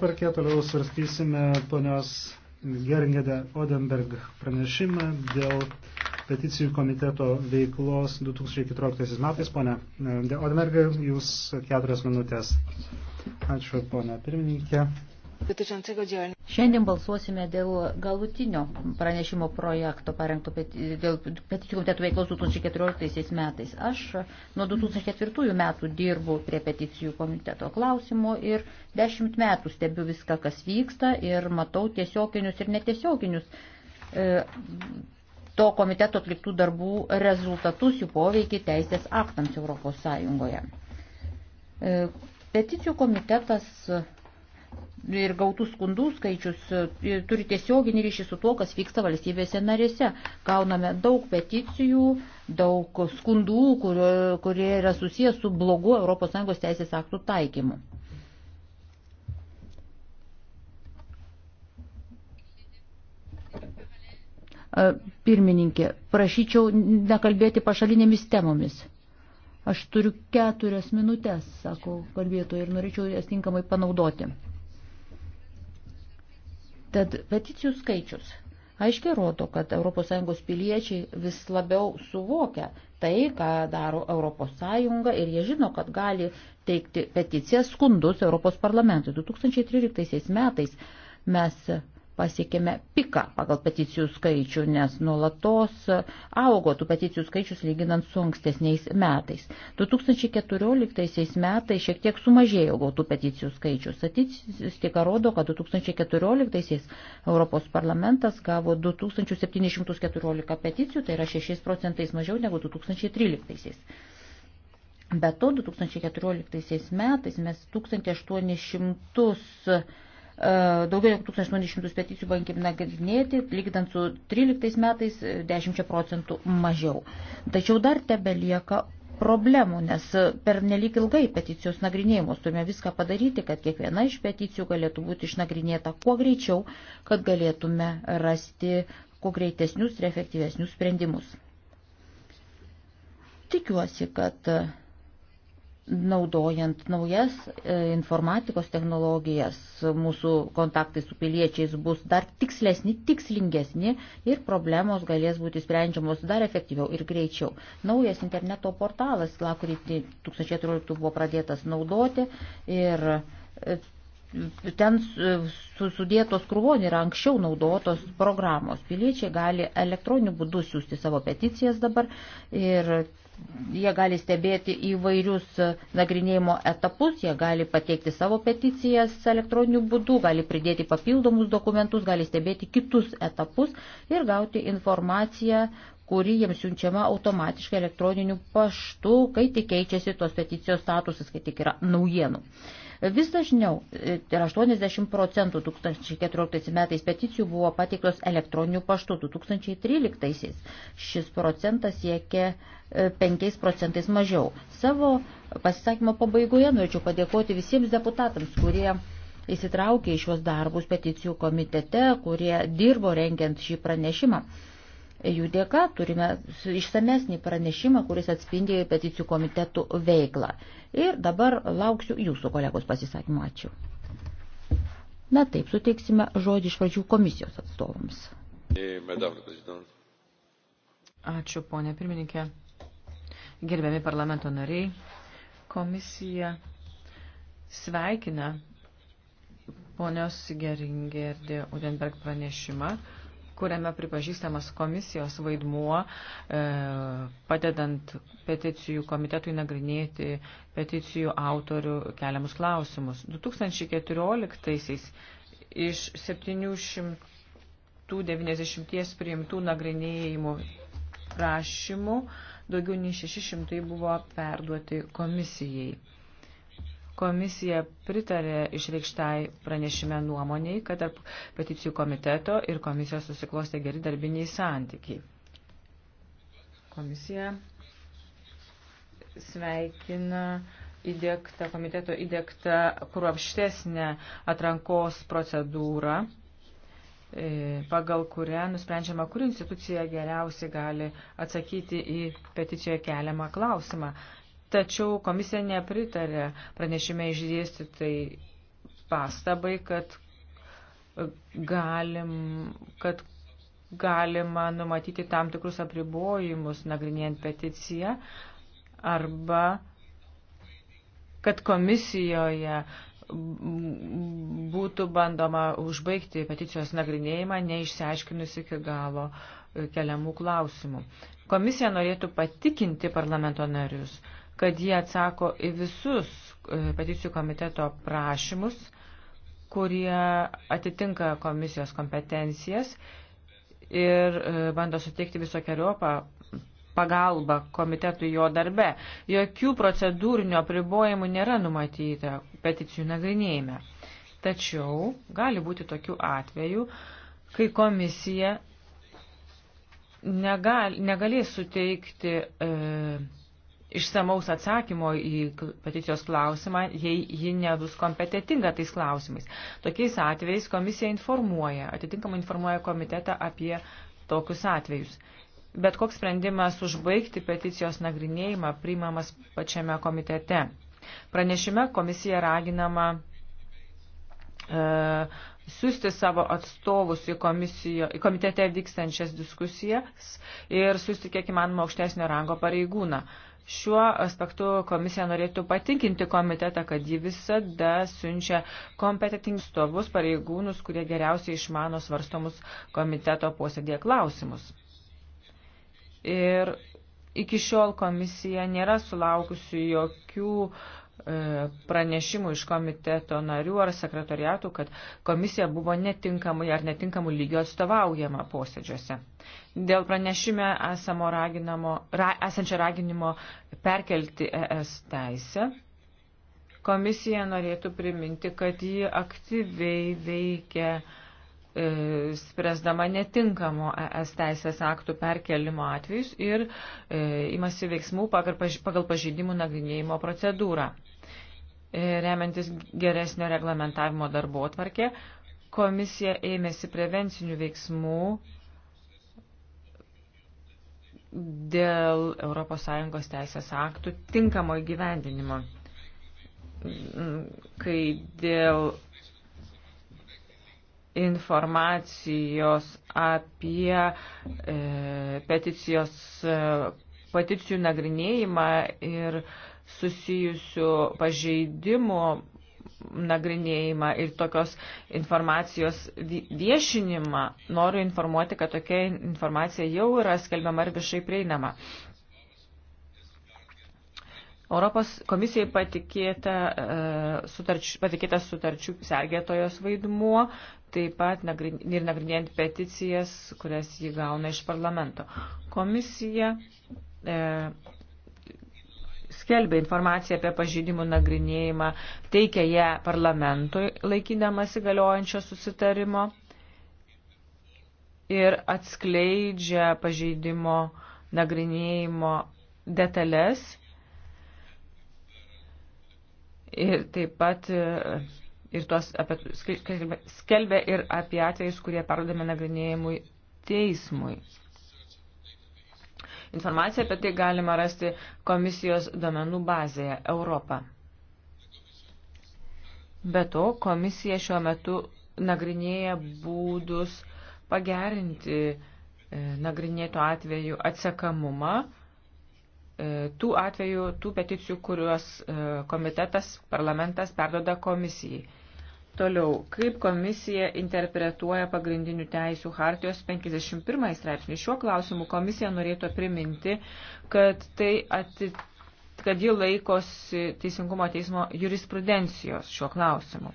Tvarkė toliau svarstysime ponios Geringede Odenberg pranešimą dėl peticijų komiteto veiklos 2014 metais. Pone e, Odenberg, jūs keturias minutės. Ačiū, pone pirmininkė. Šiandien balsuosime dėl galutinio pranešimo projekto parengto dėl peticijų komitetų veiklos 2014 metais. Aš nuo 2004 metų dirbu prie peticijų komiteto klausimo ir dešimt metų stebiu viską, kas vyksta ir matau tiesioginius ir netiesioginius e, to komiteto atliktų darbų rezultatus, jų poveikį teisės aktams Europos Sąjungoje. E, peticijų komitetas ir gautų skundų skaičius e, turi tiesioginį ryšį su tuo, kas vyksta valstybėse narėse. Gauname daug peticijų, daug skundų, kurio, kurie yra susijęs su blogu ES teisės aktų taikymu. E, pirmininkė, prašyčiau nekalbėti pašalinėmis temomis. Aš turiu keturias minutės, sako kalbėtojai, ir norėčiau jas tinkamai panaudoti. Tad peticijų skaičius aiškiai rodo, kad ES piliečiai vis labiau suvokia tai, ką daro ES ir jie žino, kad gali teikti peticijas skundus Europos parlamentui. 2013 metais mes pasiekėme piką pagal peticijų skaičių, nes nuolatos augo tų peticijų skaičius lyginant su ankstesniais metais. 2014 metais šiek tiek sumažėjo gautų peticijų skaičių. Statistika rodo, kad 2014 Europos parlamentas gavo 2714 peticijų, tai yra 6 procentais mažiau negu 2013. Be to, 2014 metais mes 1800 E, daugiau negu 1800 peticijų bankim nagrinėti, lygdant su 13 metais 10 e, procentų mažiau. Tačiau dar tebe lieka problemų, nes per nelik ilgai peticijos nagrinėjimus turime viską padaryti, kad kiekviena iš peticijų galėtų būti išnagrinėta kuo greičiau, kad galėtume rasti kuo greitesnius ir efektyvesnius sprendimus. Tikiuosi, kad naudojant naujas e, informatikos technologijas, mūsų kontaktai su piliečiais bus dar tikslesni, tikslingesni ir problemos galės būti sprendžiamos dar efektyviau ir greičiau. Naujas interneto portalas, kurį 2014 buvo pradėtas naudoti ir e, ten sudėtos krūvon yra anksčiau naudotos programos. Piliečiai gali elektroniniu būdu siūsti savo peticijas dabar ir jie gali stebėti įvairius nagrinėjimo etapus, jie gali pateikti savo peticijas elektroniniu būdu, gali pridėti papildomus dokumentus, gali stebėti kitus etapus ir gauti informaciją, kuri jiems siunčiama automatiškai elektroniniu paštu, kai tik keičiasi tos peticijos statusas, kai tik yra naujienų. Vis dažniau, e, tai yra 80 procentų 2014 metais peticijų buvo pateiktos elektroniniu paštu, 2013 šis procentas siekia e, 5 procentais mažiau. Savo pasisakymo pabaigoje norėčiau padėkoti visiems deputatams, kurie įsitraukė į šios darbus peticijų komitete, kurie dirbo rengiant šį pranešimą. Jų dėka turime išsamesnį pranešimą, kuris atspindi peticijų komitetų veiklą. Ir dabar lauksiu jūsų kolegos pasisakymą. Ačiū. Na taip, suteiksime žodį iš pradžių komisijos atstovams. Ačiū, ponė pirmininkė. Gerbiami parlamento nariai, komisija sveikina ponios Geringerdė Udenberg pranešimą kuriame pripažįstamas komisijos vaidmuo, e, padedant peticijų komitetui nagrinėti peticijų autorių keliamus klausimus. 2014 iš 790 priimtų nagrinėjimų prašymų daugiau nei 600 buvo perduoti komisijai. Komisija pritarė išreikštai pranešime nuomoniai, kad tarp peticijų komiteto ir komisijos susiklostė geri darbiniai santykiai. Komisija sveikina įdėktą, komiteto įdėktą kruopštesnę atrankos procedūrą e, pagal kurią nusprendžiama, kur institucija geriausiai gali atsakyti į peticijoje keliamą klausimą. Tačiau komisija nepritarė pranešime išdėstytai pastabai, kad, galim, kad galima numatyti tam tikrus apribojimus nagrinėjant peticiją arba kad komisijoje būtų bandoma užbaigti peticijos nagrinėjimą, neišsiaiškinus iki galo keliamų klausimų. Komisija norėtų patikinti parlamento narius, kad jie atsako į visus e, peticijų komiteto prašymus, kurie atitinka komisijos kompetencijas ir e, bando suteikti visokiojopą pagalba komitetui jo darbe. Jokių procedūrinių apribojimų nėra numatyta peticijų nagrinėjime. Tačiau gali būti tokių atvejų, kai komisija negal, negalės suteikti e, išsamaus atsakymo į peticijos klausimą, jei ji nebus kompetitinga tais klausimais. Tokiais atvejais komisija informuoja, atitinkamai informuoja komitetą apie tokius atvejus. Bet koks sprendimas užbaigti peticijos nagrinėjimą priimamas pačiame komitete. Pranešime komisija raginama e, siūsti savo atstovus į, komisijo, į komitete vykstančias diskusijas ir siūsti kiek įmanoma aukštesnio rango pareigūną. E, Šiuo aspektu komisija norėtų patikinti komitetą, kad ji visada siunčia kompetitingus stovus pareigūnus, kurie geriausiai išmano svarstomus komiteto posėdėje klausimus. Ir iki šiol komisija nėra sulaukusi jokių uh, E, pranešimų iš komiteto narių ar sekretoriatų, kad komisija buvo netinkamai ar netinkamų lygio atstovaujama posėdžiuose. Dėl pranešime raginamo, ra, esančio raginimo perkelti ES teisę, komisija norėtų priminti, kad ji aktyviai veikia e, spręsdama netinkamo ES teisės aktų perkelimo atvejus ir e, imasi veiksmų pagal pažydimų nagrinėjimo procedūrą. E, remiantis geresnio reglamentavimo darbo atvarkė, komisija ėmėsi prevencinių veiksmų dėl ES teisės aktų tinkamo įgyvendinimo, kai dėl informacijos apie e, peticijos e, patirčių nagrinėjimą ir susijusių pažeidimų nagrinėjimą ir tokios informacijos viešinimą, noriu informuoti, kad tokia informacija jau yra skelbiama ir viešai prieinama. Europos komisijai patikėta, uh, e, sutarčių, patikėta sutarčių sergėtojos vaidmuo, taip pat nagrin, ir nagrinėjant peticijas, kurias jį gauna iš parlamento. Komisija e, skelbia informaciją apie pažydimų nagrinėjimą, teikia ją parlamentui laikydamas įgaliojančio susitarimo ir atskleidžia pažeidimo nagrinėjimo detalės ir taip pat e, ir tuos apie, skelbia ir apie atvejus, kurie parodami nagrinėjimui teismui. Informaciją apie tai galima rasti komisijos domenų bazėje Europą. Be to, komisija šiuo metu nagrinėja būdus pagerinti e, nagrinėtų atvejų atsekamumą e, tų atvejų, tų peticijų, kuriuos e, komitetas, parlamentas perdoda komisijai. Toliau, kaip komisija interpretuoja pagrindinių teisių hartijos 51 straipsnį? Šiuo klausimu komisija norėtų priminti, kad, tai ati, kad ji laikosi Teisingumo teismo jurisprudencijos šiuo klausimu.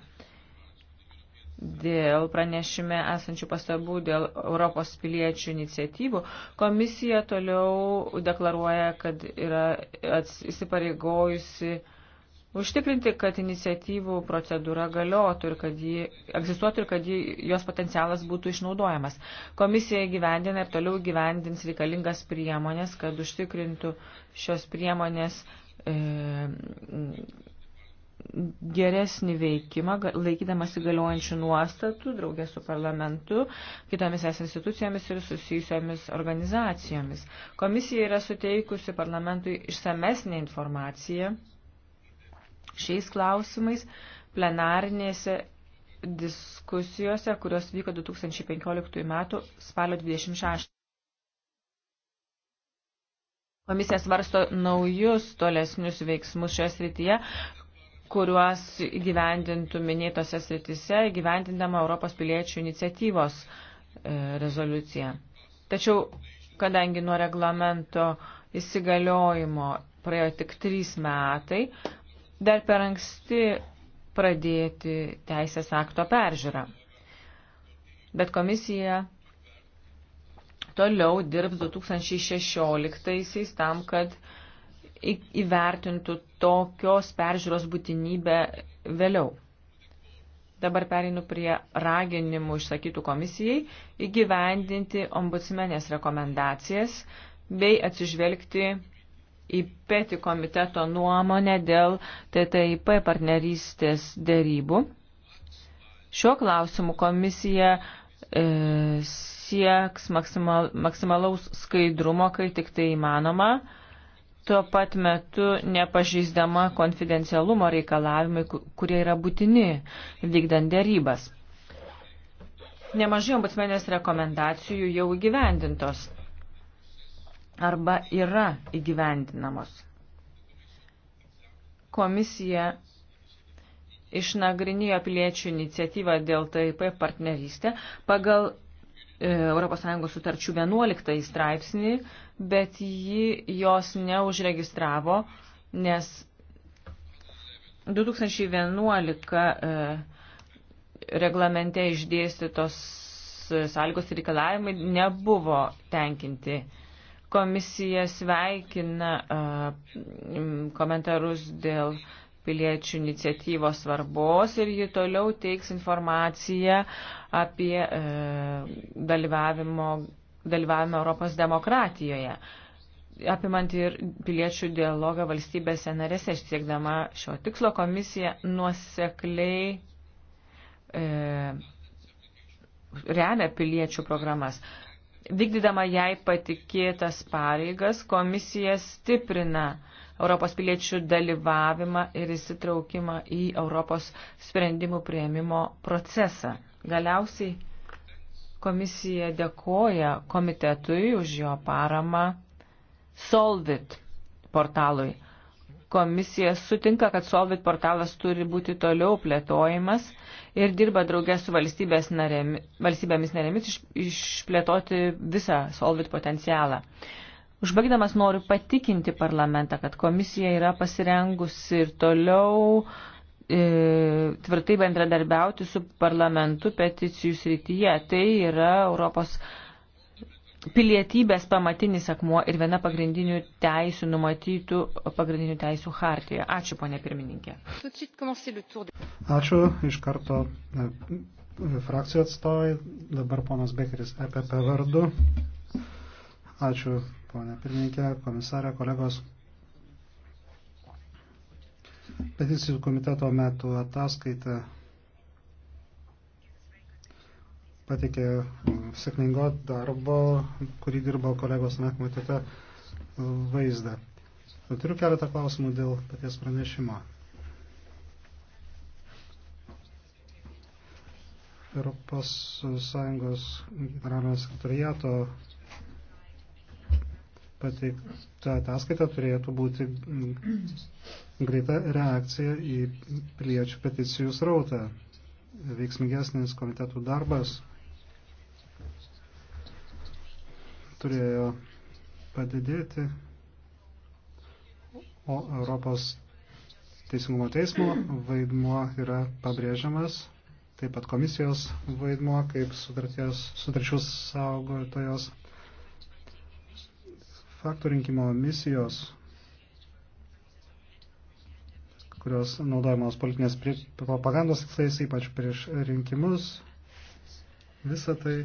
Dėl pranešime esančių pastabų dėl Europos piliečių iniciatyvų komisija toliau deklaruoja, kad yra įsipareigojusi. Ats užtikrinti, kad iniciatyvų procedūra galiotų ir kad ji egzistuotų ir kad ji, jos potencialas būtų išnaudojamas. Komisija gyvendina ir toliau gyvendins reikalingas priemonės, kad užtikrintų šios priemonės e, geresnį veikimą, laikydamas įgaliojančių nuostatų, draugė su parlamentu, kitomis es institucijomis ir susijusiomis organizacijomis. Komisija yra suteikusi parlamentui išsamesnį informaciją šiais klausimais plenarinėse diskusijose, kurios vyko 2015 m. spalio 26. Komisija svarsto naujus tolesnius veiksmus šioje srityje, kuriuos gyvendintų minėtose srityse, gyvendindama Europos piliečių iniciatyvos e, rezoliuciją. Tačiau, kadangi nuo reglamento įsigaliojimo praėjo tik trys metai, dar per anksti pradėti teisės akto peržiūrą. Bet komisija toliau dirbs 2016 tam, kad įvertintų tokios peržiūros būtinybę vėliau. Dabar pereinu prie raginimų išsakytų komisijai įgyvendinti ombudsmenės rekomendacijas bei atsižvelgti į peti komiteto nuomonę dėl TTIP partnerystės dėrybų. Šiuo klausimu komisija e, sieks maksimal, maksimalaus skaidrumo, kai tik tai įmanoma, tuo pat metu nepažįsdama konfidencialumo reikalavimai, kurie yra būtini vykdant dėrybas. Nemažai ombudsmenės rekomendacijų jau įgyvendintos arba yra įgyvendinamos. Komisija išnagrinėjo piliečių iniciatyvą dėl TAIP partnerystę pagal ES sutarčių 11 straipsnį, bet ji jos neužregistravo, nes 2011 e, reglamente išdėstytos sąlygos ir reikalavimai nebuvo tenkinti. Komisija sveikina komentarus dėl piliečių iniciatyvos svarbos ir ji toliau teiks informaciją apie e, dalyvavimo, dalyvavimą Europos demokratijoje, apimant ir piliečių dialogą valstybėse narėse, siekdama šio tikslo komisija nuosekliai e, remia piliečių programas. Vykdydama jai patikėtas pareigas, komisija stiprina Europos piliečių dalyvavimą ir įsitraukimą į Europos sprendimų prieimimo procesą. Galiausiai komisija dėkoja komitetui už jo paramą Solvit portalui komisija sutinka, kad Solvit portalas turi būti toliau plėtojimas ir dirba draugė su narėmi, valstybėmis narėmis iš, išplėtoti visą Solvit potencialą. Užbaigdamas noriu patikinti parlamentą, kad komisija yra pasirengusi ir toliau e, tvirtai bendradarbiauti su parlamentu peticijų srityje. Tai yra Europos pilietybės pamatinis akmuo ir viena pagrindinių teisių numatytų pagrindinių teisių hartijoje. Ačiū, ponė pirmininkė. Ačiū iš karto e, frakcijų atstovai. Dabar ponas Bekeris EPP vardu. Ačiū, ponė pirmininkė, komisarė, kolegos. Peticijų komiteto metų ataskaita patikė mm, sėkmingo darbo, kurį dirbo kolegos tame komitete mm, vaizdą. Turiu keletą klausimų dėl paties pranešimo. Europos Sąjungos generalinio sekretariato pateikta ataskaita turėtų būti mm, greita reakcija į piliečių peticijų srautą. Veiksmingesnis komitetų darbas turėjo padidėti, o Europos teisingumo teismo vaidmuo yra pabrėžiamas, taip pat komisijos vaidmuo kaip sutarčių saugotojos faktų rinkimo misijos, kurios naudojamos politinės propagandos tikslais, ypač prieš rinkimus. Visą tai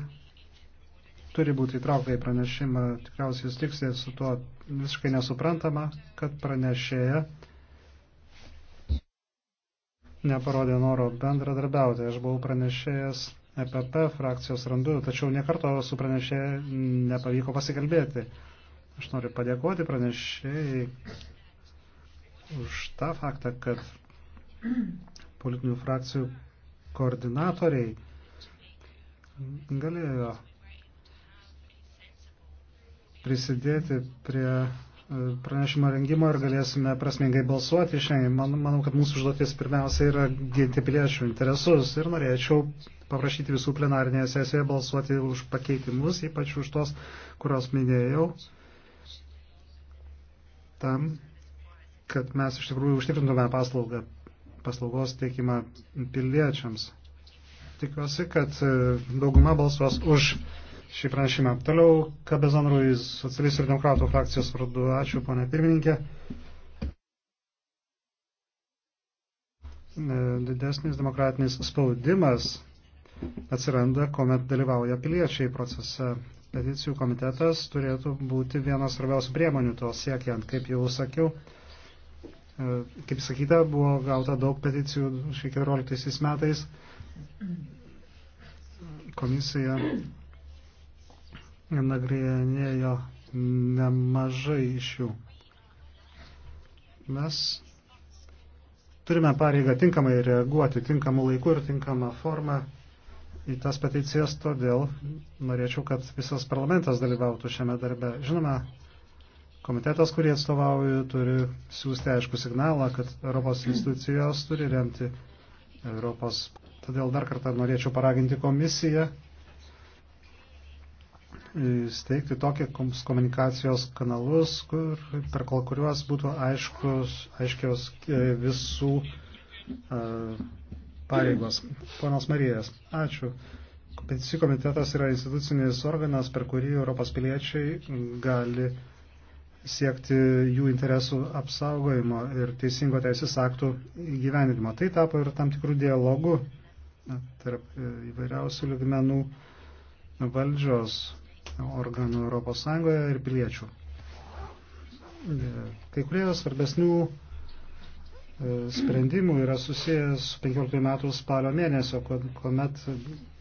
turi būti įtraukta į pranešimą. Tikriausiai jūs tiksliai su tuo visiškai nesuprantama, kad pranešėja neparodė noro bendradarbiauti. Aš buvau pranešėjas EPP frakcijos randu, tačiau niekarto su pranešėja nepavyko pasikalbėti. Aš noriu padėkoti pranešėjai už tą faktą, kad politinių frakcijų koordinatoriai galėjo prisidėti prie e, pranešimo rengimo ir galėsime prasmingai balsuoti šiandien. Man, manau, kad mūsų užduotis pirmiausia yra ginti piliečių interesus ir norėčiau paprašyti visų plenarinėje sesijoje balsuoti už pakeitimus, ypač už tos, kurios minėjau, tam, kad mes iš tikrųjų užtikrintume paslaugą, paslaugos teikimą piliečiams. Tikiuosi, kad e, dauguma balsuos už šį pranešimą. Toliau Kabezon Ruiz, socialistų ir demokratų frakcijos vardu. Ačiū, ponė pirmininkė. E, didesnis demokratinis spaudimas atsiranda, kuomet dalyvauja piliečiai procese. Peticijų komitetas turėtų būti vienas svarbiausių priemonių to siekiant. Kaip jau sakiau, e, kaip sakyta, buvo gauta daug peticijų 2014 metais. Komisija nagrinėjo nemažai iš jų. Mes turime pareigą tinkamai reaguoti, tinkamų laikų ir tinkamą formą į tas peticijas, todėl norėčiau, kad visas parlamentas dalyvautų šiame darbe. Žinoma, komitetas, kurį atstovauju, turi siūsti aišku signalą, kad Europos institucijos turi remti Europos. Todėl dar kartą norėčiau paraginti komisiją steigti tokius komunikacijos kanalus, kur, per kuriuos būtų aiškus, aiškios e, visų e, pareigos. Ponas Marijas, ačiū. Peticijų komitetas yra institucinis organas, per kurį Europos piliečiai gali siekti jų interesų apsaugojimo ir teisingo teisės aktų įgyvendinimo. Tai tapo ir tam tikrų dialogų tarp e, įvairiausių ligmenų valdžios organų ES ir piliečių. E, kai kurie svarbesnių e, sprendimų yra susijęs su 15 metų spalio mėnesio, kuomet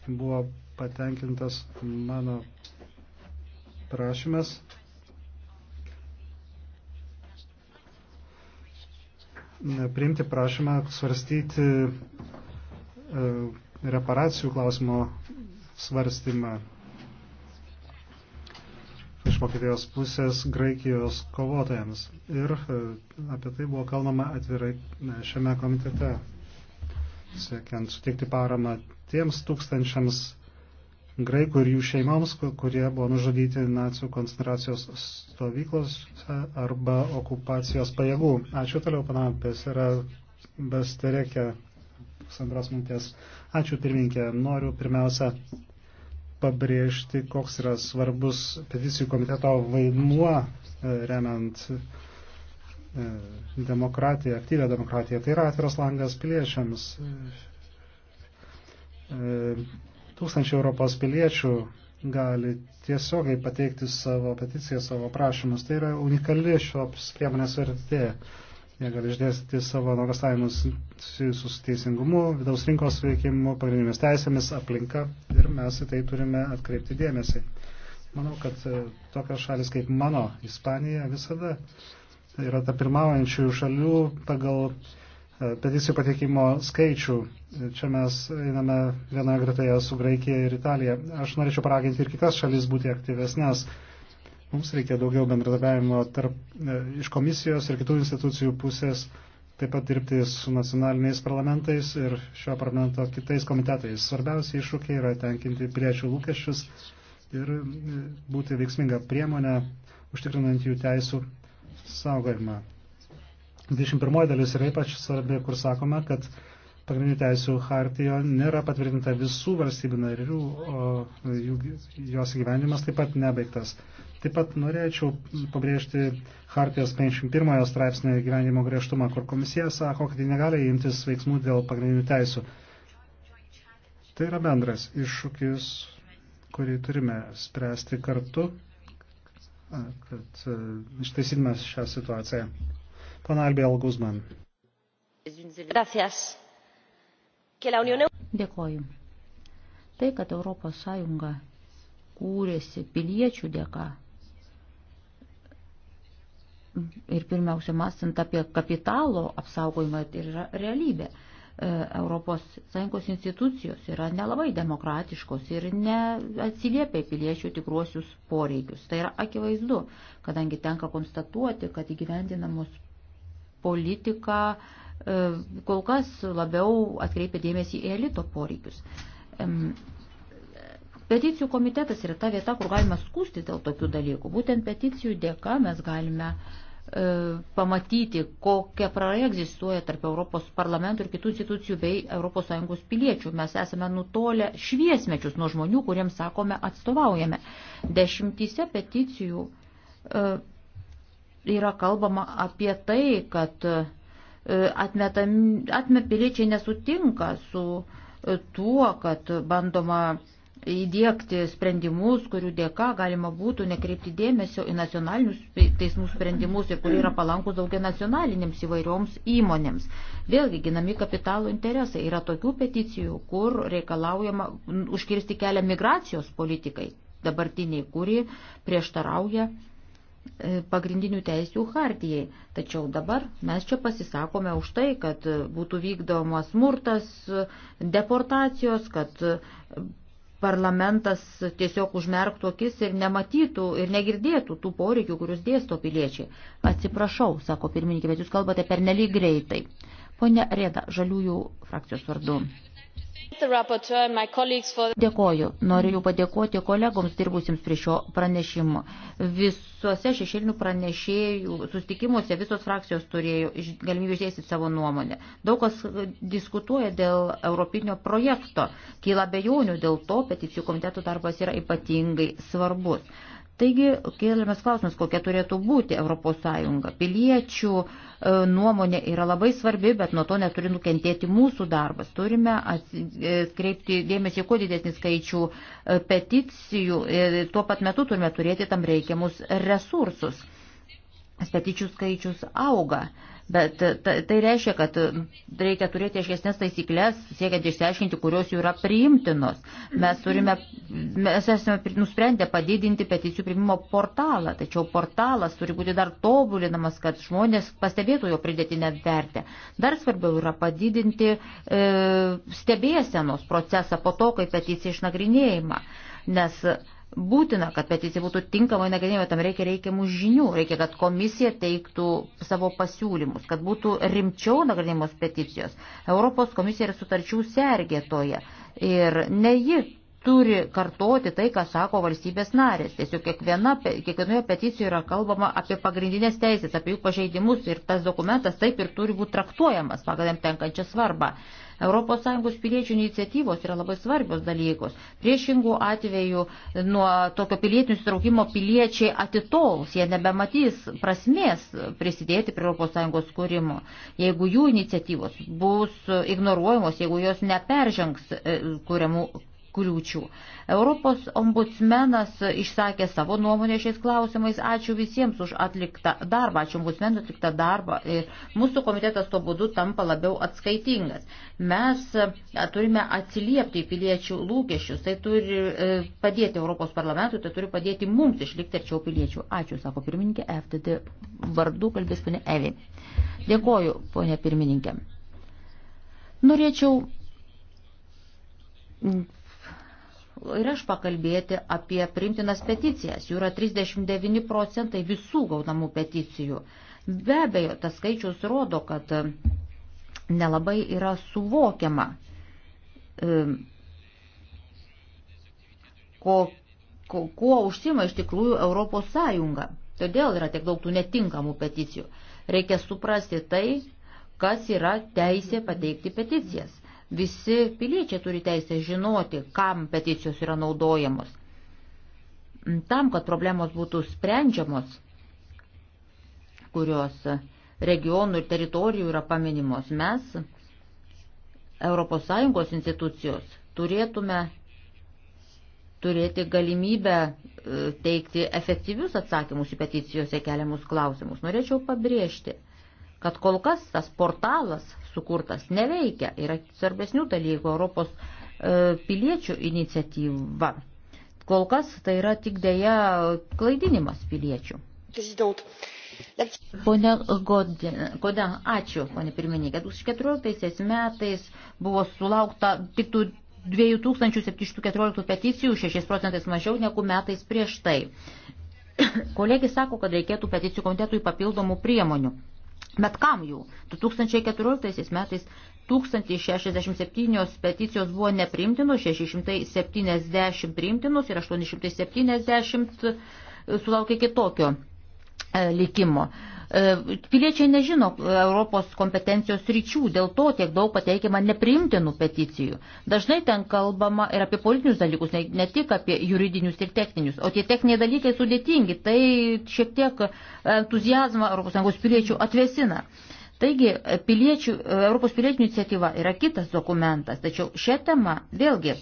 buvo patenkintas mano prašymas e, priimti prašymą svarstyti reparacijų klausimo svarstymą Vokietijos pusės Graikijos kovotojams. Ir e, apie tai buvo kalbama atvirai e, šiame komitete, siekiant suteikti paramą tiems tūkstančiams graikų ir jų šeimoms, kurie buvo nužudyti nacijų koncentracijos stovyklos arba okupacijos pajėgų. Ačiū toliau, panapės, yra Basterekė pusantros minties. Ačiū pirminkė. Noriu pirmiausia pabrėžti, koks yra svarbus peticijų komiteto vaidmuo e, remiant e, demokratiją, aktyvę demokratiją. Tai yra atviras langas piliečiams. E, tūkstančiai Europos piliečių gali tiesiogiai pateikti savo peticiją, savo prašymus. Tai yra unikali šios priemonės vertė. Jie gali išdėstyti savo nuogastavimus susijusius su teisingumu, vidaus rinkos veikimu, pagrindinėmis teisėmis, aplinka ir mes į tai turime atkreipti dėmesį. Manau, kad e, tokios šalis kaip mano, Ispanija, visada yra ta pirmaujančių šalių pagal e, peticijų pateikimo skaičių. Čia mes einame vienoje gretoje su Graikija ir Italija. Aš norėčiau paraginti ir kitas šalis būti aktyvesnės. Mums reikia daugiau bendradarbiavimo tarp, e, iš komisijos ir kitų institucijų pusės, taip pat dirbti su nacionaliniais parlamentais ir šio parlamento kitais komitetais. Svarbiausia iššūkiai yra tenkinti piliečių lūkesčius ir e, būti veiksminga priemonė, užtikrinant jų teisų saugojimą. 21 dalis yra ypač svarbi, kur sakoma, kad pagrindinių teisų hartijo nėra patvirtinta visų valstybių narių, o jų, jos gyvenimas taip pat nebaigtas. Taip pat norėčiau pabrėžti Hartijos 51 straipsnio gyvenimo griežtumą, kur komisija sako, kad ji negali imtis veiksmų dėl pagrindinių teisų. Tai yra bendras iššūkis, kurį turime spręsti kartu, kad e, ištaisytume šią situaciją. Pana Albė Alguzman. Dėkoju. Tai, kad Europos Sąjunga kūrėsi piliečių dėka, ir pirmiausia, mąstant apie kapitalo apsaugojimą, tai yra realybė. ES institucijos yra nelabai demokratiškos ir neatsiliepia piliečių tikruosius poreikius. Tai yra akivaizdu, kadangi tenka konstatuoti, kad įgyvendinamos politika e, kol kas labiau atkreipia dėmesį į elito poreikius. Peticijų komitetas yra ta vieta, kur galima skūsti dėl tokių dalykų. Būtent peticijų dėka mes galime e, pamatyti, kokia praraja egzistuoja tarp Europos parlamentų ir kitų institucijų bei ES piliečių. Mes esame nutolę šviesmečius nuo žmonių, kuriems sakome atstovaujame. Dešimtyse peticijų e, yra kalbama apie tai, kad e, atmetami, atmet piliečiai nesutinka su e, tuo, kad bandoma įdėkti sprendimus, kurių dėka galima būtų nekreipti dėmesio į nacionalinius teismų sprendimus ir kurie yra palankus daugia nacionalinėms įvairioms įmonėms. Vėlgi ginami kapitalo interesai. Yra tokių peticijų, kur reikalaujama užkirsti kelią migracijos politikai dabartiniai, kuri prieštarauja e, pagrindinių teisių hartijai. Tačiau dabar mes čia pasisakome už tai, kad būtų vykdomas smurtas, deportacijos, kad parlamentas tiesiog užmerktų akis ir nematytų ir negirdėtų tų poreikių, kurius dėsto piliečiai. Atsiprašau, sako pirmininkė, bet jūs kalbate per nelyg greitai. Pone Rėda, žaliųjų frakcijos vardu. Dėkoju. Noriu jau padėkoti kolegoms dirbusiems prie šio pranešimo. Visuose šešėlinių pranešėjų sustikimuose visos frakcijos turėjo galimybę išdėstyti savo nuomonę. Daug kas diskutuoja dėl europinio projekto. Kyla bejonių dėl to, peticijų komiteto darbas yra ypatingai svarbus. Taigi, kėlėmės klausimas, kokia turėtų būti ES. Piliečių e, nuomonė yra labai svarbi, bet nuo to neturi nukentėti mūsų darbas. Turime atkreipti dėmesį, kuo didesnį skaičių e, peticijų, e, tuo pat metu turime turėti tam reikiamus resursus. Petičių skaičius auga. Bet tai reiškia, kad reikia turėti aiškesnės taisyklės, siekiant išsiaiškinti, kurios jų yra priimtinos. Mes, turime, mes esame nusprendę padidinti peticijų priimimo portalą, tačiau portalas turi būti dar tobulinamas, kad žmonės pastebėtų jo pridėtinę vertę. Dar svarbiau yra padidinti e, stebėsenos procesą po to, kai peticija išnagrinėjama. Nes būtina, kad peticija būtų tinkamai nagrinėjama, tam reikia reikiamų žinių, reikia, kad komisija teiktų savo pasiūlymus, kad būtų rimčiau nagrinėjamos peticijos. Europos komisija yra sutarčių sergėtoje ir ne ji turi kartoti tai, ką sako valstybės narės. Tiesiog kiekviena, kiekvienoje peticijoje yra kalbama apie pagrindinės teisės, apie jų pažeidimus ir tas dokumentas taip ir turi būti traktuojamas pagal jam tenkančią svarbą. ES piliečių iniciatyvos yra labai svarbios dalykos. Priešingų atvejų nuo tokio pilietinių įsitraukimo piliečiai atitols, jie nebematys prasmės prisidėti prie ES kūrimo. Jeigu jų iniciatyvos bus ignoruojamos, jeigu jos neperžengs e, kūriamų kliūčių. Europos ombudsmenas išsakė savo nuomonę šiais klausimais. Ačiū visiems už atliktą darbą, ačiū ombudsmenui atliktą darbą. Ir mūsų komitetas tuo būdu tampa labiau atskaitingas. Mes e, turime atsiliepti į piliečių lūkesčius. Tai turi e, padėti Europos parlamentui, tai turi padėti mums išlikti arčiau piliečių. Ačiū, sako pirmininkė FTD. Vardu kalbės ponė Evi. Dėkoju, ponė pirmininkė. Norėčiau ir aš pakalbėti apie primtinas peticijas. Jų yra 39 procentai visų gaunamų peticijų. Be abejo, tas skaičius rodo, kad e, nelabai yra suvokiama, e, ko, ko, kuo užsima iš tikrųjų Europos Sąjunga. Todėl yra tiek daug tų netinkamų peticijų. Reikia suprasti tai, kas yra teisė pateikti peticijas. Visi piliečiai turi teisę žinoti, kam peticijos yra naudojamos. Tam, kad problemos būtų sprendžiamos, kurios regionų ir teritorijų yra paminimos, mes, ES institucijos, turėtume turėti galimybę e, teikti efektyvius atsakymus į peticijose keliamus klausimus. Norėčiau pabrėžti, kad kol kas tas portalas sukurtas neveikia. Yra svarbesnių dalykų Europos e, piliečių iniciatyva. Kol kas tai yra tik dėja klaidinimas piliečių. Pone Godė, ačiū, pone pirmininkė. 2014 metais buvo sulaukta tik tų 2714 peticijų, 6 procentais mažiau negu metais prieš tai. Kolegis sako, kad reikėtų peticijų komitetui papildomų priemonių. Bet kam jų? 2014 metais 1067 peticijos buvo neprimtinos, 670 primtinos ir 870 e, sulaukė kitokio E, likimo. E, piliečiai nežino Europos kompetencijos ryčių, dėl to tiek daug pateikima nepriimtinų peticijų. Dažnai ten kalbama ir apie politinius dalykus, ne, ne tik apie juridinius ir techninius, o tie techniniai dalykai sudėtingi, tai šiek tiek entuzijazmą ES piliečių atvesina. Taigi, piliečių, Europos piliečių iniciatyva yra kitas dokumentas, tačiau šią temą vėlgi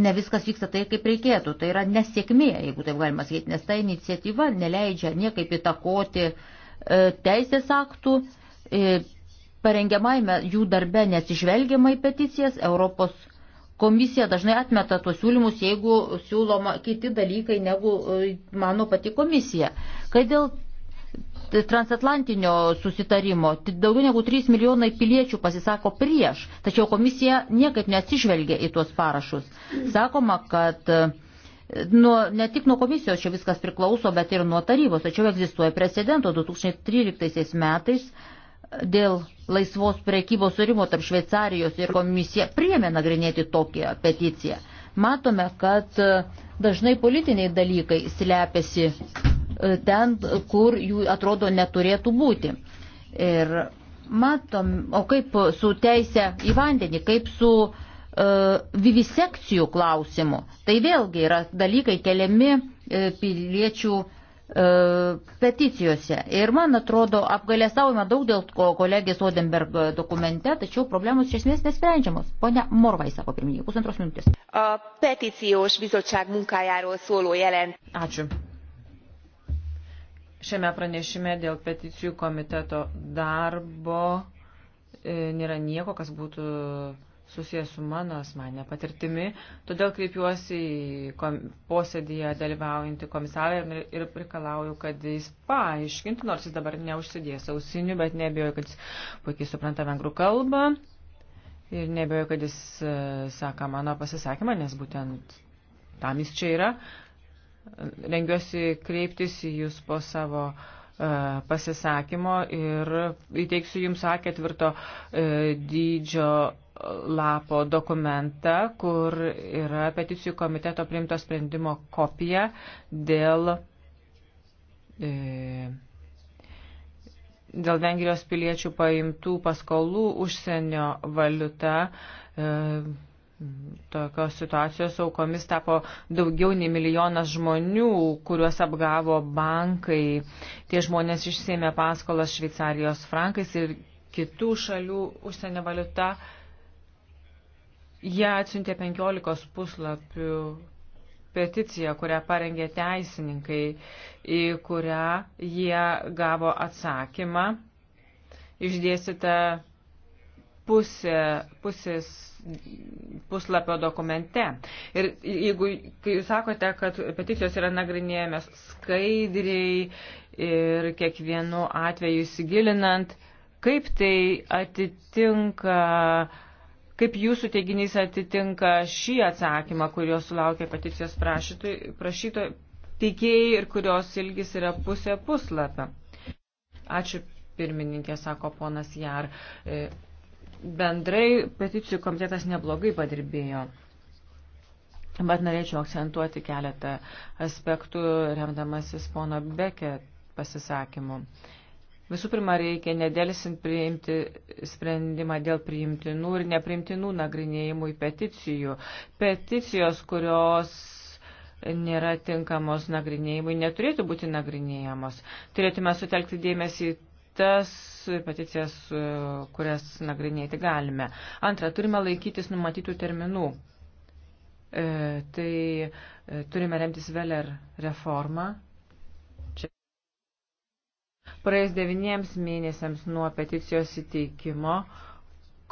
ne viskas vyksta tai, kaip reikėtų. Tai yra nesėkmė, jeigu taip galima sakyti, nes ta iniciatyva neleidžia niekaip įtakoti e, teisės aktų. E, parengiamajame jų darbe nesižvelgiama į peticijas. Europos komisija dažnai atmeta tuos siūlymus, jeigu siūloma kiti dalykai, negu e, mano pati komisija. Kai dėl transatlantinio susitarimo. Daugiau negu 3 milijonai piliečių pasisako prieš, tačiau komisija niekaip neatsižvelgia į tuos parašus. Sakoma, kad e, nuo, ne tik nuo komisijos čia viskas priklauso, bet ir nuo tarybos. Tačiau egzistuoja precedento 2013 metais dėl laisvos priekybos surimo tarp Šveicarijos ir komisija priemė nagrinėti tokią peticiją. Matome, kad e, dažnai politiniai dalykai slepiasi E, ten, kur jų atrodo neturėtų būti. Ir matom, o kaip su teisė į vandenį, kaip su uh, vivisekcijų klausimu. Tai vėlgi yra dalykai keliami e, piliečių peticijose. Ir man atrodo, apgalėstaujame daug dėl ko kolegės Odenberg dokumente, tačiau problemos iš esmės nesprendžiamos. Pone Morvai, sako pirmininkė, pusantros minutės. Peticijos bizočiag munkájáról szóló jelent. Ačiū. Šiame pranešime dėl peticijų komiteto darbo e, nėra nieko, kas būtų susijęs su mano asmenė patirtimi, todėl kreipiuosi į kom, posėdėje dalyvaujantį komisarą ir, ir prikalauju, kad jis paaiškintų, nors jis dabar neužsidės ausinių, bet nebijoju, kad jis puikiai supranta vengrų kalbą ir nebijoju, kad jis e, saka mano pasisakymą, nes būtent tam jis čia yra. Uh, Rengiuosi kreiptis į Jūs po savo e, pasisakymo ir įteiksiu Jums A4 e, dydžio lapo dokumentą, kur yra peticijų komiteto priimto sprendimo kopija dėl, e, dėl Vengrijos piliečių paimtų paskolų užsienio valiuta Tokios situacijos aukomis tapo daugiau nei milijonas žmonių, kuriuos apgavo bankai. Tie žmonės išsėmė paskolas Šveicarijos frankais ir kitų šalių užsienio valiuta. Jie atsiuntė 15 puslapių peticiją, kurią parengė teisininkai, į kurią jie gavo atsakymą. Išdėsita pusė, pusės puslapio dokumente. Ir jeigu kai jūs sakote, kad peticijos yra nagrinėjamos skaidriai ir kiekvienu atveju įsigilinant, kaip tai atitinka, kaip jūsų teiginys atitinka šį atsakymą, kurio sulaukė peticijos prašyto teikėjai ir kurios ilgis yra pusė puslapio. Ačiū pirmininkė, sako ponas Jar. E, bendrai peticijų komitetas neblogai padirbėjo. Bet norėčiau akcentuoti keletą aspektų, remdamasis pono Bekė pasisakymu. Visų pirma, reikia nedėlisint priimti sprendimą dėl priimtinų ir nepriimtinų nagrinėjimų į peticijų. Peticijos, kurios nėra tinkamos nagrinėjimui, neturėtų būti nagrinėjamos. Turėtume sutelkti dėmesį į kitas peticijas, e, kurias nagrinėti galime. Antra, turime laikytis numatytų terminų. E, tai e, turime remtis Veller reformą. Čia. Praėjus devyniems mėnesiams nuo peticijos įteikimo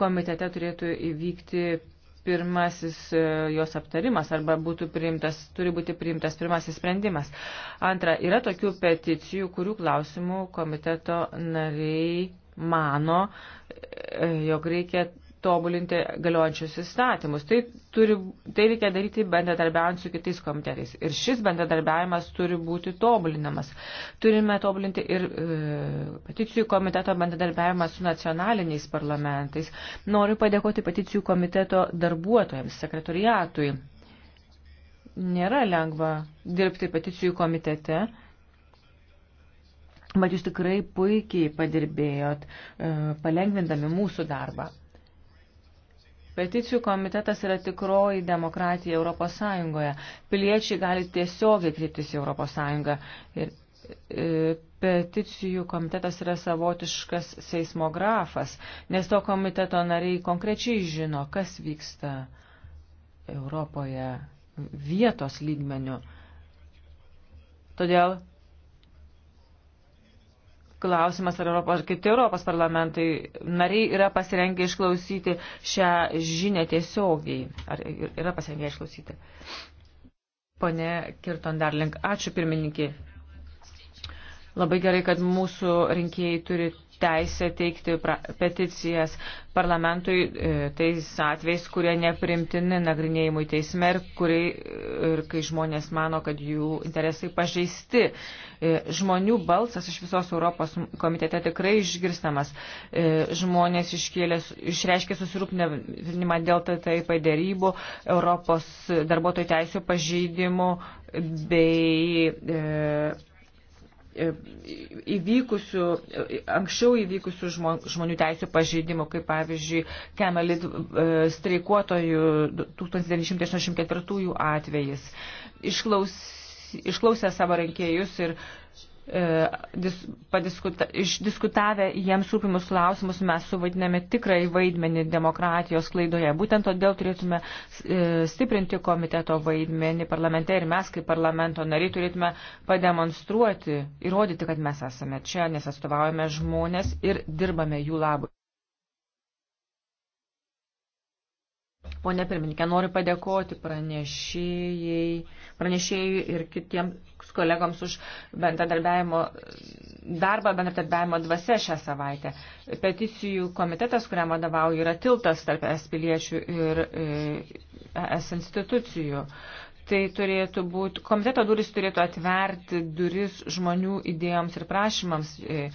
komitete turėtų įvykti pirmasis e, jos aptarimas arba būtų priimtas, turi būti priimtas pirmasis sprendimas. Antra, yra tokių peticijų, kurių klausimų komiteto nariai mano, e, jog reikia tobulinti galiojančius įstatymus. Tai, turi, tai reikia daryti bendradarbiaujant su kitais komitetais. Ir šis bendradarbiavimas turi būti tobulinamas. Turime tobulinti ir e, peticijų komiteto bendradarbiavimą su nacionaliniais parlamentais. Noriu padėkoti peticijų komiteto darbuotojams, sekretoriatui. Nėra lengva dirbti peticijų komitete. Bet jūs tikrai puikiai padirbėjot, e, palengvindami mūsų darbą. Peticijų komitetas yra tikroji demokratija Europos Sąjungoje. Piliečiai gali tiesiogiai kryptis į Europos Sąjungą. Ir e, peticijų komitetas yra savotiškas seismografas, nes to komiteto nariai konkrečiai žino, kas vyksta Europoje vietos lygmeniu. Todėl klausimas, ar, Europos, ar kiti Europos parlamentai nariai yra pasirengę išklausyti šią žinę tiesiogiai. Ar yra pasirengę išklausyti? Pone Kirton Darling, ačiū pirmininkį. Labai gerai, kad mūsų rinkėjai turi teisę teikti peticijas parlamentui e, tais atvejais, kurie neprimtini nagrinėjimui teisme ir, kuriai, ir kai žmonės mano, kad jų interesai pažeisti. E, žmonių balsas iš visos Europos komitete tikrai išgirstamas. E, žmonės iškėlė, išreiškė susirūpinimą dėl TTIP dėrybų, Europos darbuotojų teisų pažeidimų bei. E, E, įvykusių, e, anksčiau įvykusių žmonių teisų pažeidimų, kaip pavyzdžiui, Kemelit e, streikuotojų 1984 atvejis. Išklaus, išklausę savo rinkėjus ir E, išdiskutavę jiems rūpimus klausimus mes suvaidiname tikrąjį vaidmenį demokratijos klaidoje. Būtent todėl turėtume e, stiprinti komiteto vaidmenį parlamente ir mes kaip parlamento nariai turėtume pademonstruoti, įrodyti, kad mes esame čia, nes atstovaujame žmonės ir dirbame jų labui. Pone pirmininkė, noriu padėkoti pranešėjai, pranešėjai ir kitiems kolegoms už bendradarbiavimo darbą, bendradarbiavimo dvasę šią savaitę. Peticijų komitetas, kuriam vadovauju, yra tiltas tarp es piliečių ir e, es institucijų. E, tai turėtų būti, komiteto duris turėtų atverti duris žmonių idėjoms ir prašymams, e,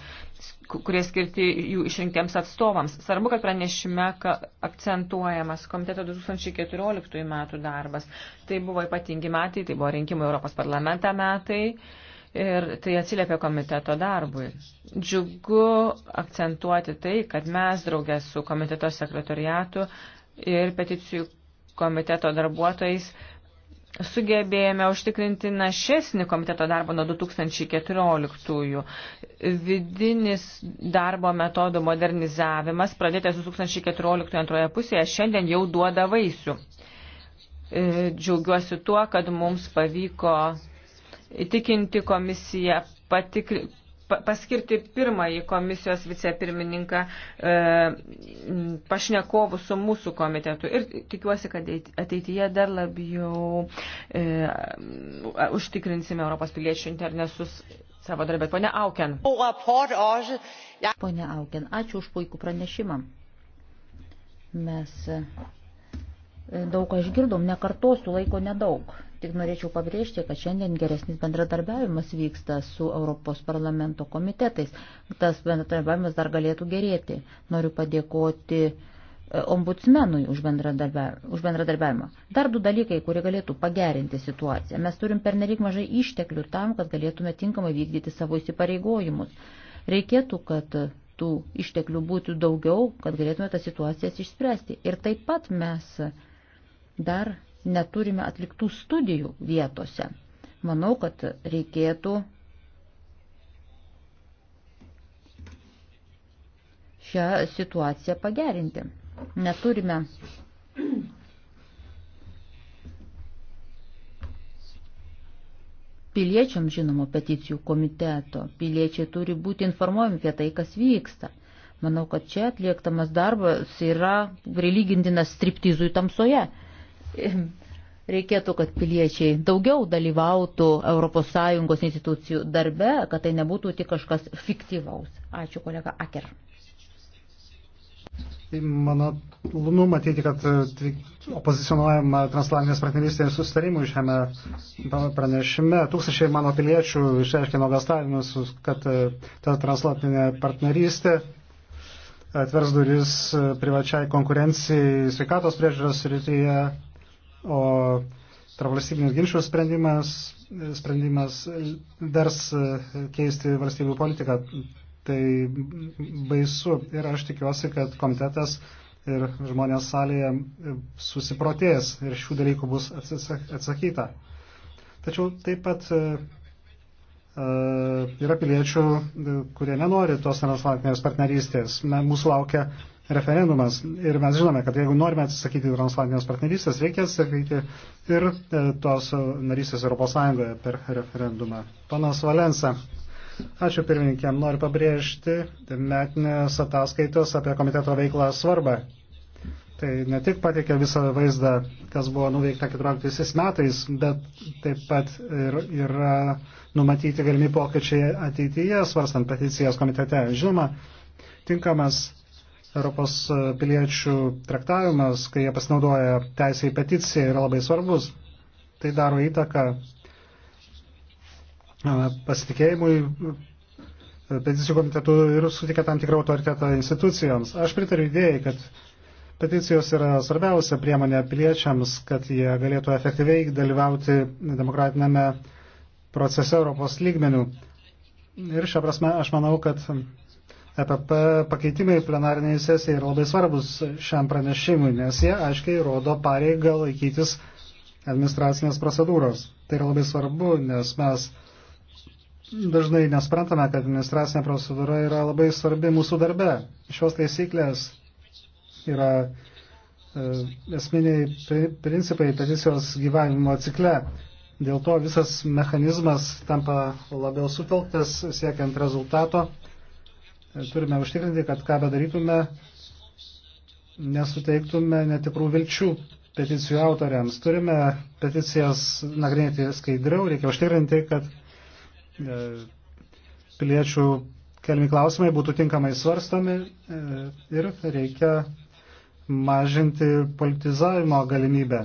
kurie skirti jų išrinktiems atstovams. Svarbu, kad pranešime kad akcentuojamas komiteto 2014 metų darbas. Tai buvo ypatingi metai, tai buvo rinkimų Europos parlamentą metai. Ir tai atsiliepia komiteto darbui. Džiugu akcentuoti tai, kad mes draugės su komiteto sekretoriatu ir peticijų komiteto darbuotojais uh, sugebėjome užtikrinti našesnį komiteto darbą nuo 2014-ųjų. Vidinis darbo metodų modernizavimas, pradėtas 2014 antroje pusėje, šiandien jau duoda vaisių. E, džiaugiuosi tuo, kad mums pavyko įtikinti komisiją patikri, paskirti pirmąjį komisijos vicepirmininką e, pašnekovų su mūsų komitetu. Ir tikiuosi, kad ateityje dar labiau e, užtikrinsime Europos piliečių interesus savo darbę. Pone Auken. Pone Auken, ačiū už puikų pranešimą. Mes e, daug ką išgirdom, nekartosiu, laiko nedaug. Tik norėčiau pabrėžti, kad šiandien geresnis bendradarbiavimas vyksta su Europos parlamento komitetais. Tas bendradarbiavimas dar galėtų gerėti. Noriu padėkoti e, ombudsmenui už bendradarbiavimą. Dar du dalykai, kurie galėtų pagerinti situaciją. Mes turim pernelyg mažai išteklių tam, kad galėtume tinkamai vykdyti savo įsipareigojimus. Reikėtų, kad tų išteklių būtų daugiau, kad galėtume tas situacijas išspręsti. Ir taip pat mes dar neturime atliktų studijų vietose. Manau, kad reikėtų šią situaciją pagerinti. Neturime piliečiam žinomo peticijų komiteto. Piliečiai turi būti informuojami apie tai, kas vyksta. Manau, kad čia atliektamas darbas yra prilygintinas striptizui tamsoje reikėtų, kad piliečiai daugiau dalyvautų ES institucijų darbe, kad tai nebūtų tik kažkas fiktyvaus. Ačiū, kolega Aker. Tai mano lūnų matyti, kad e, opozicionuojama transatlantinės partnerystės sustarimų šiame pranešime. Tūkstančiai mano piliečių išreiškė nuogastavimus, kad e, ta transatlantinė partnerystė atvers duris e, privačiai konkurencijai sveikatos priežiūros rytyje o tarpvalstybinių ginčių sprendimas, sprendimas vers keisti valstybių politiką. Tai baisu ir aš tikiuosi, kad komitetas ir žmonės salėje susiprotės ir šių dalykų bus atsakyta. Tačiau taip pat e, e, yra piliečių, kurie nenori tos transatlantinės partnerystės. Na, mūsų laukia referendumas. Ir mes žinome, kad jeigu norime atsisakyti transatlantinės partnerystės, reikia atsisakyti ir e, tos narystės Europos Sąjungoje per referendumą. Panas Valensa. Ačiū pirmininkėm. Noriu pabrėžti metinės ataskaitos apie komiteto veiklą svarbą. Tai ne tik pateikia visą vaizdą, kas buvo nuveikta 14 metais, bet taip pat ir yra numatyti galimi pokyčiai ateityje, svarstant peticijas komitete. Žinoma, tinkamas Europos piliečių traktavimas, kai jie pasinaudoja teisę į peticiją, yra labai svarbus. Tai daro įtaką e, pasitikėjimui e, peticijų komitetų ir sutikia tam tikrą autoritetą institucijoms. Aš pritariu idėjai, kad peticijos yra svarbiausia priemonė piliečiams, kad jie galėtų efektyviai dalyvauti demokratinėme procese Europos lygmenių. Ir šią prasme aš manau, kad EPP pakeitimai plenariniai sesijai yra labai svarbus šiam pranešimui, nes jie aiškiai rodo pareigą laikytis administracinės procedūros. Tai yra labai svarbu, nes mes dažnai nesprantame, kad administracinė procedūra yra labai svarbi mūsų darbe. Šios taisyklės yra e, esminiai principai peticijos gyvenimo cikle. Dėl to visas mechanizmas tampa labiau sutelktas siekiant rezultato turime užtikrinti, kad ką bedarytume, nesuteiktume netikrų vilčių peticijų autoriams. Turime peticijas nagrinėti skaidriau, reikia užtikrinti, kad e, piliečių kelmi klausimai būtų tinkamai svarstami e, ir reikia mažinti politizavimo galimybę.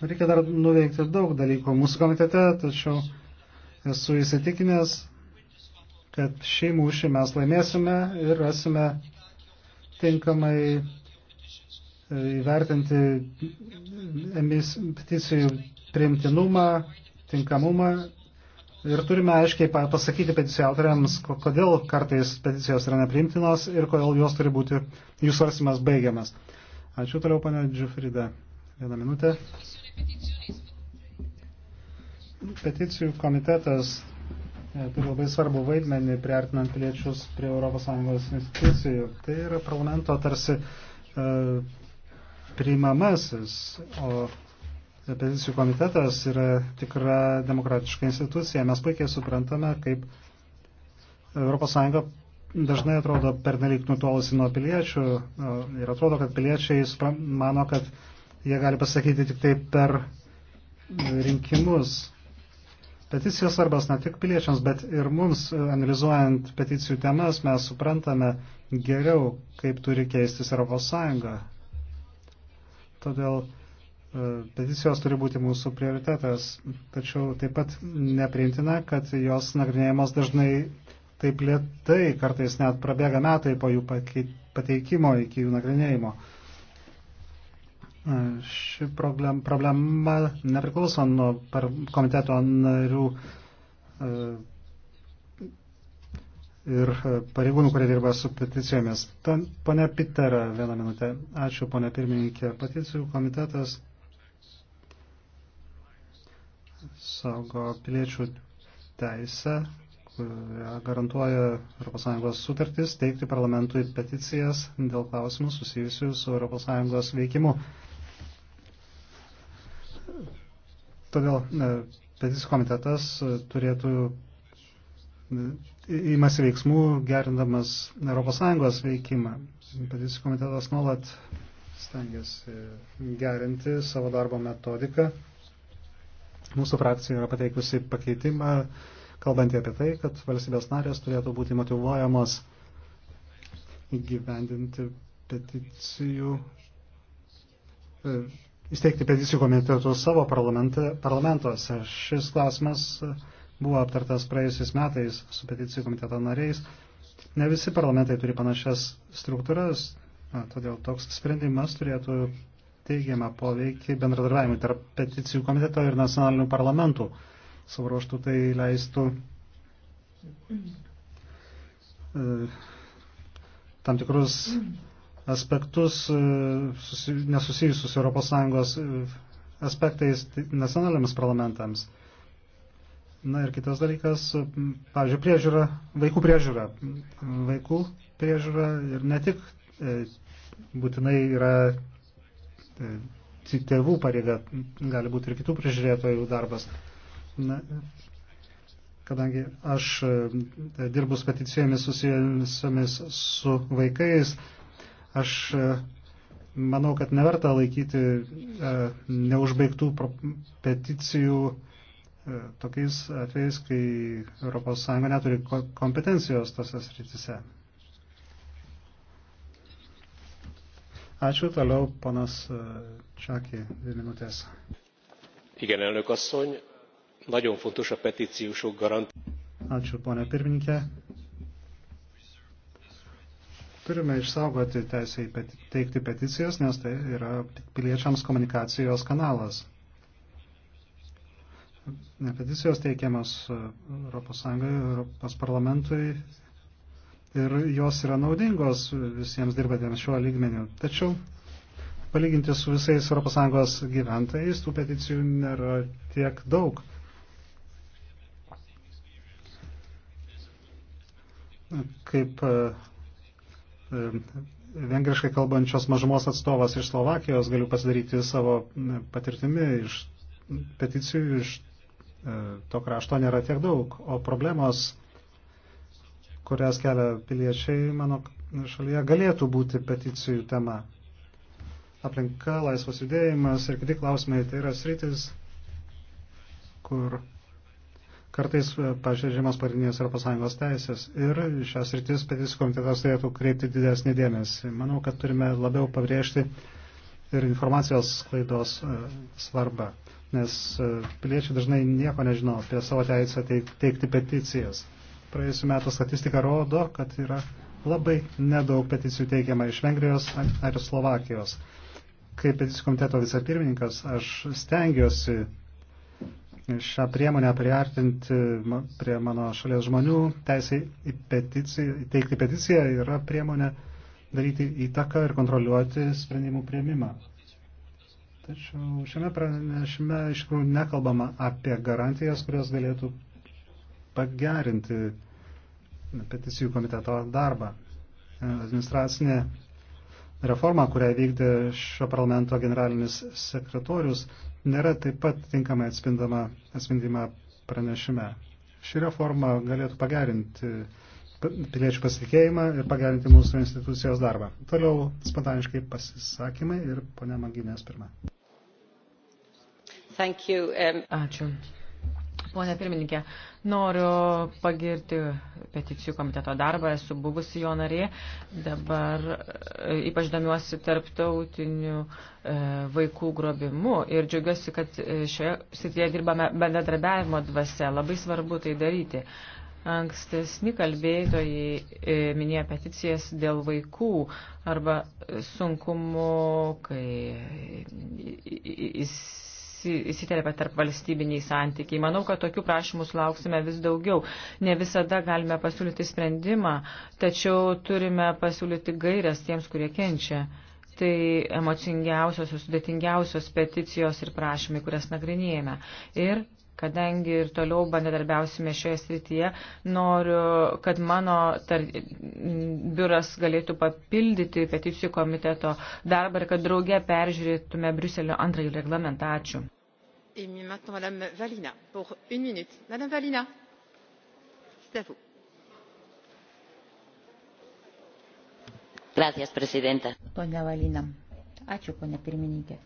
Reikia dar nuveikti daug dalykų mūsų komitete, tačiau esu įsitikinęs, kad šį mūšį mes laimėsime ir rasime tinkamai e, įvertinti peticijų priimtinumą, tinkamumą ir turime aiškiai pasakyti peticijų autoriams, kodėl kartais peticijos yra nepriimtinos ir kodėl jos turi būti jų svarstymas baigiamas. Ačiū toliau, pane Džiufrida. Vieną minutę. Peticijų komitetas E, turi labai svarbu vaidmenį priartinant piliečius prie ES institucijų. Tai yra parlamento tarsi e, priimamasis, o peticijų komitetas yra tikra demokratiška institucija. Mes puikiai suprantame, kaip ES dažnai atrodo pernelyg nutolusi nuo piliečių e, ir atrodo, kad piliečiai mano, kad jie gali pasakyti tik tai per rinkimus. Peticijos svarbios ne tik piliečiams, bet ir mums, e, analizuojant peticijų temas, mes suprantame geriau, kaip turi keistis ES. Todėl e, peticijos turi būti mūsų prioritetas, tačiau taip pat nepriimtina, kad jos nagrinėjimas dažnai taip lietai, kartais net prabėga metai po jų pateikimo iki jų nagrinėjimo. Ši problema nepriklauso nuo komiteto narių e, ir pareigūnų, kurie dirba su peticijomis. Pone Pitera, vieną minutę. Ačiū, pone pirmininkė. Peticijų komitetas saugo piliečių teisę, kurią garantuoja ES sutartis, teikti parlamentui peticijas dėl klausimų susijusių su ES veikimu. Todėl e, peticijų komitetas e, turėtų įmasi e, veiksmų gerindamas ES veikimą. Peticijų komitetas nuolat stengiasi gerinti savo darbo metodiką. Mūsų frakcija yra pateikusi pakeitimą, kalbantį apie tai, kad valstybės narės turėtų būti motivuojamos įgyvendinti peticijų įsteigti peticijų komitetų savo parlamentuose. Šis klausimas buvo aptartas praėjusiais metais su peticijų komiteto nariais. Ne visi parlamentai turi panašias struktūras, na, todėl toks sprendimas turėtų teigiamą poveikį bendradarbiavimui tarp peticijų komiteto ir nacionalinių parlamentų. Savo ruoštų tai leistų e, tam tikrus mm aspektus e, nesusijusius ES e, aspektais nacionaliniams parlamentams. Na ir kitas dalykas, pavyzdžiui, priežiūra, vaikų priežiūra. Vaikų priežiūra ir ne tik e, būtinai yra tėvų pareiga, gali būti ir kitų prižiūrėtojų darbas. Na, kadangi aš dirbu su peticijomis susijusiamis su vaikais, Aš e, manau, kad neverta laikyti e, neužbaigtų peticijų e, tokiais atvejais, kai ES neturi kompetencijos tose srityse. Ačiū, toliau panas Čaki, dvi minutės. Igen, elnök asszony, nagyon fontos a petíciósok garant. Ačiū, ponia pirmininkė. Turime išsaugoti teisę teikti peticijas, nes tai yra piliečiams komunikacijos kanalas. Peticijos teikiamas ES, ES parlamentui ir jos yra naudingos visiems dirbantiems šiuo lygmeniu. Tačiau palyginti su visais ES gyventojais, tų peticijų nėra tiek daug. Kaip e, vengriškai kalbančios mažumos atstovas iš Slovakijos galiu pasidaryti savo patirtimi iš peticijų iš e, to krašto nėra tiek daug, o problemos, kurias kelia piliečiai mano šalyje, galėtų būti peticijų tema. Aplinka, laisvas judėjimas ir kiti klausimai tai yra sritis, kur kartais e, pažeidžiamas pagrindinės ES teisės ir šias rytis peticijų komitetas turėtų kreipti didesnį dėmesį. Manau, kad turime labiau pabrėžti ir informacijos sklaidos e, svarbą, nes e, piliečiai dažnai nieko nežino apie savo teisę teikti peticijas. Praėjusiu metu statistika rodo, kad yra labai nedaug peticijų teikiama iš Vengrijos ar Slovakijos. Kaip peticijų komiteto vicepirmininkas, aš stengiuosi šią priemonę priartinti prie mano šalies žmonių, teisai į peticiją, teikti peticiją yra priemonė daryti įtaką ir kontroliuoti sprendimų prieimimą. Tačiau šiame pranešime iš tikrųjų nekalbama apie garantijas, kurios galėtų pagerinti peticijų komiteto darbą. Administracinė reforma, kurią vykdė šio parlamento generalinis sekretorius, nėra taip pat tinkamai atspindama, atspindima pranešime. Ši reforma galėtų pagerinti piliečių pasitikėjimą ir pagerinti mūsų institucijos darbą. Toliau spontaniškai pasisakymai ir ponia Maginės pirma. Thank you, um... Ačiū. Pone pirmininkė, noriu pagirti peticijų komiteto darbą, esu buvusi jo narė, dabar e, ypač domiuosi tarptautiniu e, vaikų grobimu ir džiaugiuosi, kad e, šioje srityje dirbame bendradarbiavimo dvasia, labai svarbu tai daryti. Ankstesni kalbėtojai minėjo peticijas dėl vaikų arba sunkumų, kai jis įsiterpia tarp valstybiniai santykiai. Manau, kad tokių prašymų sulauksime vis daugiau. Ne visada galime pasiūlyti sprendimą, tačiau turime pasiūlyti gairias tiems, kurie kenčia. Tai emocingiausios ir sudėtingiausios peticijos ir prašymai, kurias nagrinėjame. Ir kadangi ir toliau bandadarbiausime šioje srityje, noriu, kad mano tar, biuras galėtų papildyti peticijų komiteto darbą ir kad drauge peržiūrėtume Briuselio antrąjį reglamentą. Ačiū. Gracias, presidenta. Ponia Valina. Ačiū, ponia pirmininkė.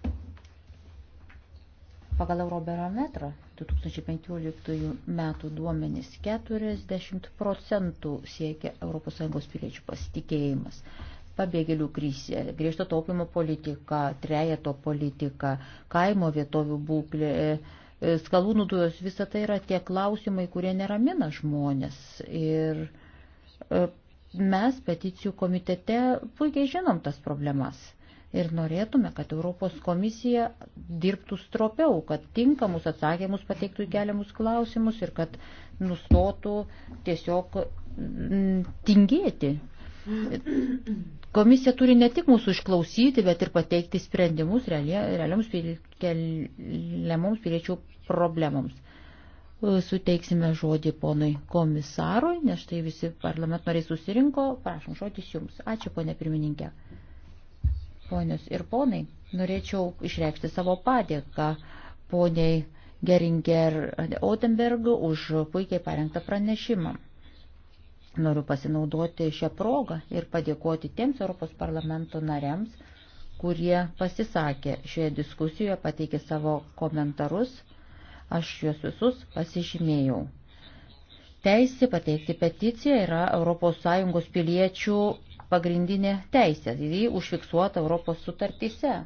Pagal Eurobarometrą 2015 metų duomenys 40 procentų siekia ES piliečių pasitikėjimas. Pabėgėlių krizė, griežto taupimo politika, trejeto politika, kaimo vietovių būklė, e, skalūnų dujos, visa tai yra tie klausimai, kurie neramina žmonės. Ir e, mes peticijų komitete puikiai žinom tas problemas ir norėtume, kad Europos komisija dirbtų stropiau, kad tinkamus atsakymus pateiktų į keliamus klausimus ir kad nustotų tiesiog mm, tingėti. Komisija turi ne tik mūsų išklausyti, bet ir pateikti sprendimus realioms keliamoms piliečių problemoms. Suteiksime žodį ponui komisarui, nes štai visi parlamentariai susirinko. Prašom, žodis jums. Ačiū, ponė pirmininkė. Ponius ir ponai, norėčiau išreikšti savo padėką poniai Geringer Odenberg už puikiai parengtą pranešimą. Noriu pasinaudoti šią progą ir padėkoti tiems Europos parlamento nariams, kurie pasisakė šioje diskusijoje, pateikė savo komentarus. Aš juos visus pasižymėjau. Teisė pateikti peticiją yra ES piliečių pagrindinė teisė, jį užfiksuota Europos sutartyse.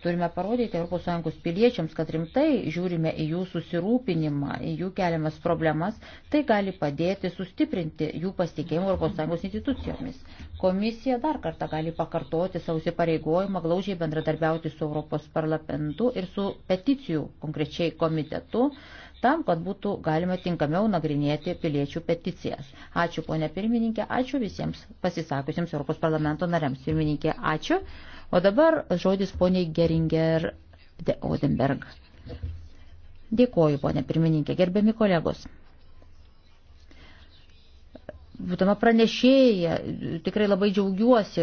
Turime parodyti ES piliečiams, kad rimtai žiūrime į jų susirūpinimą, į jų keliamas problemas, tai gali padėti sustiprinti jų pasitikėjimą ES institucijomis. Komisija dar kartą gali pakartoti savo įsipareigojimą glaužiai bendradarbiauti su Europos parlamentu ir su peticijų konkrečiai komitetu, tam, kad būtų galima tinkamiau nagrinėti piliečių peticijas. Ačiū, ponė pirmininkė, ačiū visiems pasisakusiems Europos parlamento nariams. Pirmininkė, ačiū. O dabar žodis poniai Geringer de Odenberg. Dėkoju, ponė pirmininkė, gerbiami kolegos būdama pranešėja, tikrai labai džiaugiuosi,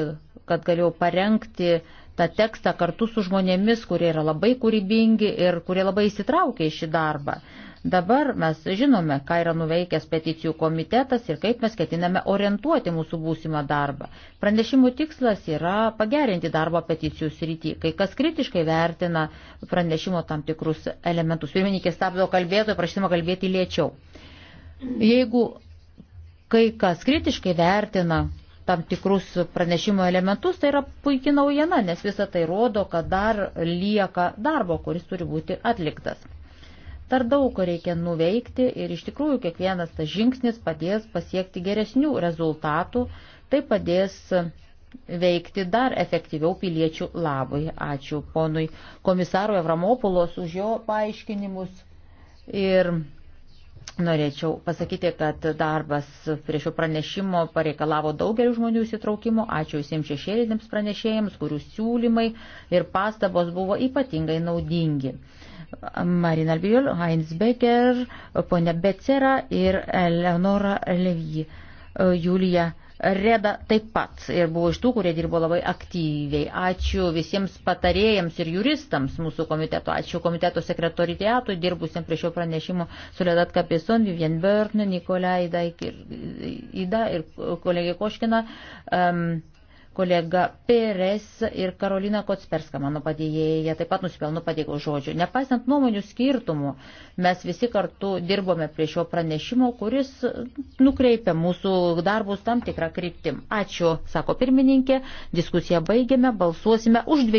kad galėjau parengti tą tekstą kartu su žmonėmis, kurie yra labai kūrybingi ir kurie labai įsitraukia į šį darbą. Dabar mes žinome, ką yra nuveikęs peticijų komitetas ir kaip mes ketiname orientuoti mūsų būsimą darbą. Pranešimų tikslas yra pagerinti darbo peticijų srity. Kai kas kritiškai vertina pranešimo tam tikrus elementus. Pirmininkė stabdo kalbėtojo, prašydama kalbėti lėčiau. Jeigu kai kas kritiškai vertina tam tikrus pranešimo elementus, tai yra puikia naujiena, nes visa tai rodo, kad dar lieka darbo, kuris turi būti atliktas. Dar daug ko reikia nuveikti ir iš tikrųjų kiekvienas tas žingsnis padės pasiekti geresnių rezultatų, tai padės veikti dar efektyviau piliečių labui. Ačiū ponui komisarui Avramopulos už jo paaiškinimus ir Norėčiau pasakyti, kad darbas prie šio pranešimo pareikalavo daugelį žmonių įsitraukimo. Ačiū visiems šešėlinėms pranešėjams, kurių siūlymai ir pastabos buvo ypatingai naudingi. Marina Albiol, Heinz Becker, ponia Becera ir Eleonora Levy, Julija Reda taip pat ir buvo iš tų, kurie dirbo labai aktyviai. Ačiū visiems patarėjams ir juristams mūsų komiteto. Ačiū komiteto sekretoriatui dirbusiems prie šio pranešimo su Redat Kapison, Vivien Börn, Nikolai Ida ir kolegė Koškina. Um, Kolega Pérez ir Karolina Kotsperska, mano padėjėja, taip pat nusipelno padėko žodžių. Nepaisant nuomonių skirtumų, mes visi kartu dirbome prie šio pranešimo, kuris nukreipia mūsų darbus tam tikrą kryptim. Ačiū, sako pirmininkė, diskusiją baigėme, balsuosime už dviejų.